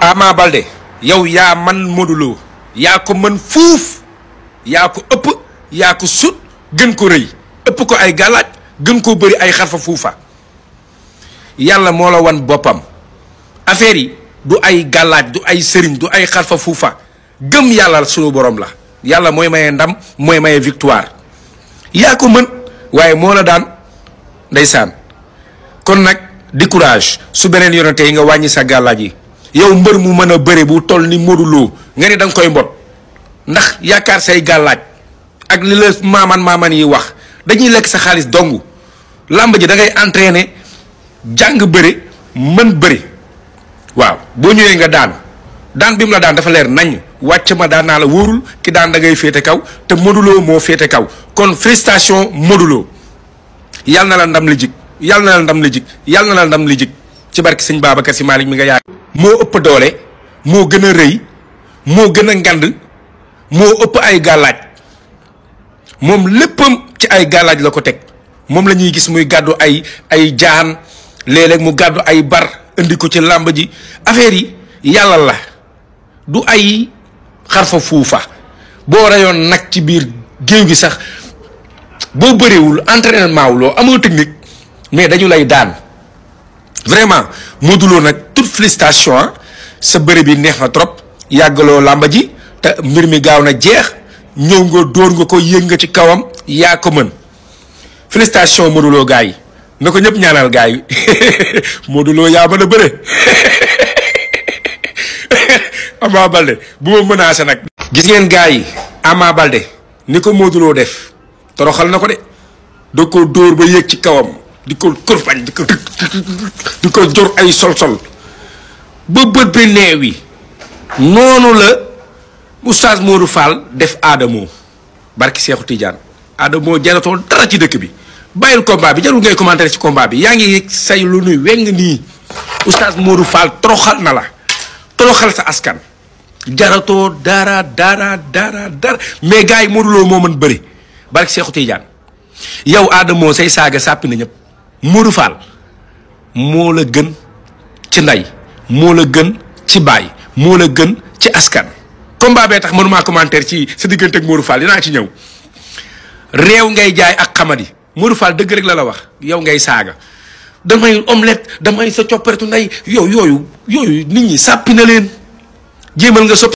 Ama Balde yow yaa man Modou Lo yaa ko mën fuuf yaa ko ëpp yaa ko sut gën ko rëy ëpp ko ay gàllaaj gën koo bëri ay xarfa fuufa yàlla moo la wan boppam affaire yi du ay gàllaaj du ay sëriñ du ay xarfa fuufa gëm yàlla sunu borom la yàlla mooy maye ndam mooy maye victoire yaa ko mën waaye moo la daan ndeysaan kon nag di courage su beneen yonente yi nga wàññi sa gàllaaj yi yow mbër mu mën a bëre bu toll ni Modou nga ne danga koy mbot ndax yaakaar say gàllaaj ak li la maaman maaman yi wax dañuy lekk sa xaalis dong làmb ji da ngay entraîner jàng bëre mën bëre waaw boo ñëwee nga daan daan bi mu la daan dafa leer nañ wàcc ma daan naa la wóorul ki daan da ngay féete kaw te Modou moo féete kaw kon félicitation Modou Lo na la ndam li jik yàlla na la ndam li jik yàlla na la ndam li jik ci barki sëñ Babacar Si Maalik mi nga yaay moo ëpp doole moo gën a rëy moo gën a ngand moo ëpp ay gàllaaj moom léppam ci ay gàllaaj la ko teg moom la ñuy gis muy gàddu ay ay jaan léeg mu gàddu ay bar indi ko ci làmb ji affaire yi yàlla la du ay xarfa fuufa boo reyoon nag ci biir géew gi sax boo bëriwul entraînement loo amoo technique mais dañu lay daan vraiment Modou Lo nag. félicitation sa bëri bi neex na trop yàggaloo làmba ji te mbir mi gaaw na jeex ñëw nga dóor nga ko yëg nga ci kawam yaa ko mën félicitation Modou Lo gars yi na ko ñëpp ñaanal gars yi Modou Lo yaa mën a bëre Ama Balde bu ma menacé nag. gis ngeen gaa yi Ama Balde ni ko Modou Lo def toroxal na ko de da ko dóor ba yëg ci kawam di ko kurpañ di ko di ko jor ay sol-sol. ba bët bi neew yi noonu la oustaz Modou Fall def aadamoo barki Seexu Tidiane aadamoo jaratoon dara ci dëkk bi bàyyil combat bi jarul ngay commenter ci kombaa bi yaa ngi say lu nuy weng nii oustaz Modou Fall toroxal na la toroxal sa askan jaratoo dara dara dara dara mais gars yi Modou moo mën bëri barki Seexu Tidiane yow aadamoo say saaga sàppi na ñëpp Modou Fall moo la gën ci ndey moo la gën ci baay moo la gën ci askan. combat bee tax mënumaa commentaire ci sa diggante ak Modou Fall dinaa ci ñëw réew ngay jaay ak xamadi Modou Fall dëgg rek la la wax yow ngay saaga damay omelette damay sa copparetu ndey yow yooyu yooyu nit ñi sàppi na leen jéemal nga soppi